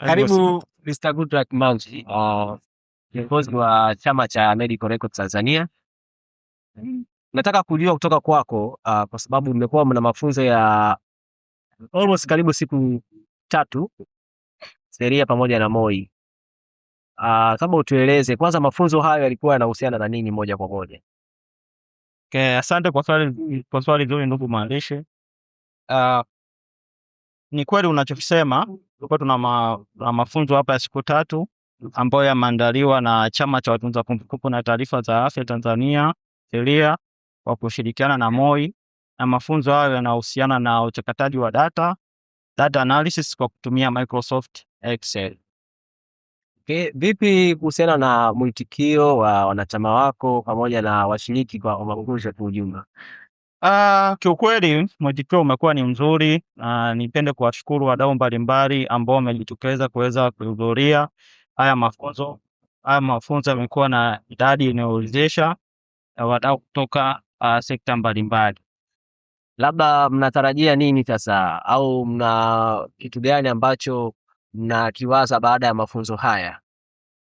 Karibu Mr. Goodluck Manji, ah, kiongozi wa chama cha Medical Records Tanzania. Nataka kujua kutoka kwako uh, kwa sababu mmekuwa mna mafunzo ya almost karibu siku tatu Seria pamoja na Moi. Uh, kama utueleze kwanza mafunzo hayo yalikuwa yanahusiana na nini moja kwa moja? Okay, asante kwa swali kwa swali zuri ndugu mwandishi. Uh, ni kweli unachokisema Tulikuwa tuna ma, mafunzo hapa ya siku tatu ambayo yameandaliwa na Chama cha Watunza Kumbukumbu na Taarifa za Afya Tanzania TELEA kwa kushirikiana na MOI, na mafunzo hayo yanahusiana na uchakataji wa data, data analysis kwa kutumia Microsoft Excel. Okay, vipi kuhusiana na mwitikio wa wanachama wako pamoja na washiriki kwa mafunzo kwa ujumla? Uh, kiukweli mwezi umekuwa ni mzuri na uh, nipende kuwashukuru wadau mbalimbali ambao wamejitokeza kuweza kuhudhuria haya mafunzo. Haya mafunzo yamekuwa na idadi inayowezesha uh, wadau kutoka uh, sekta mbalimbali. Labda mnatarajia nini sasa, au mna kitu gani ambacho mnakiwaza baada ya mafunzo haya?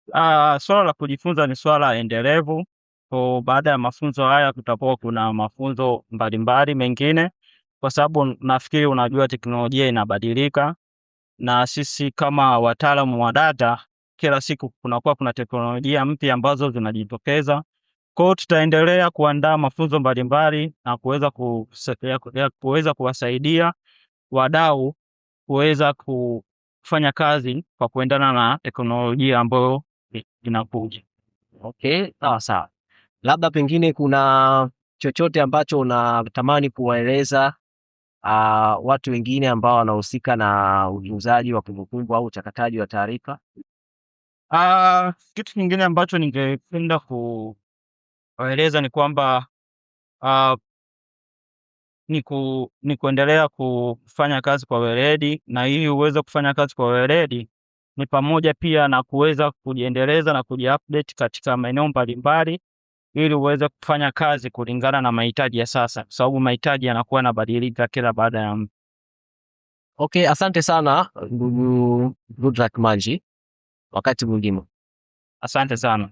Uh, swala la kujifunza ni swala endelevu So baada ya mafunzo haya kutakuwa kuna mafunzo mbalimbali mengine, kwa sababu nafikiri unajua teknolojia inabadilika, na sisi kama wataalamu wa data kila siku kunakuwa kuna teknolojia mpya ambazo zinajitokeza. Kwa hiyo tutaendelea kuandaa mafunzo mbalimbali na kuweza ku, kuweza kuwasaidia wadau kuweza kufanya kazi kwa kuendana na teknolojia ambayo inakuja. Okay, sawa sawa. Labda pengine kuna chochote ambacho unatamani kuwaeleza uh, watu wengine ambao wanahusika na utunzaji wa kumbukumbu au uchakataji wa taarifa? Uh, kitu kingine ambacho ningependa kuwaeleza ni kwamba uh, ni, ku, ni kuendelea kufanya kazi kwa weledi, na ili uweze kufanya kazi kwa weledi ni pamoja pia na kuweza kujiendeleza na kujiupdate katika maeneo mbalimbali ili uweze kufanya kazi kulingana na mahitaji ya sasa, kwa sababu mahitaji yanakuwa yanabadilika kila baada ya muda. Okay, asante sana ndugu Goodluck Manji, wakati mwingine. Asante sana.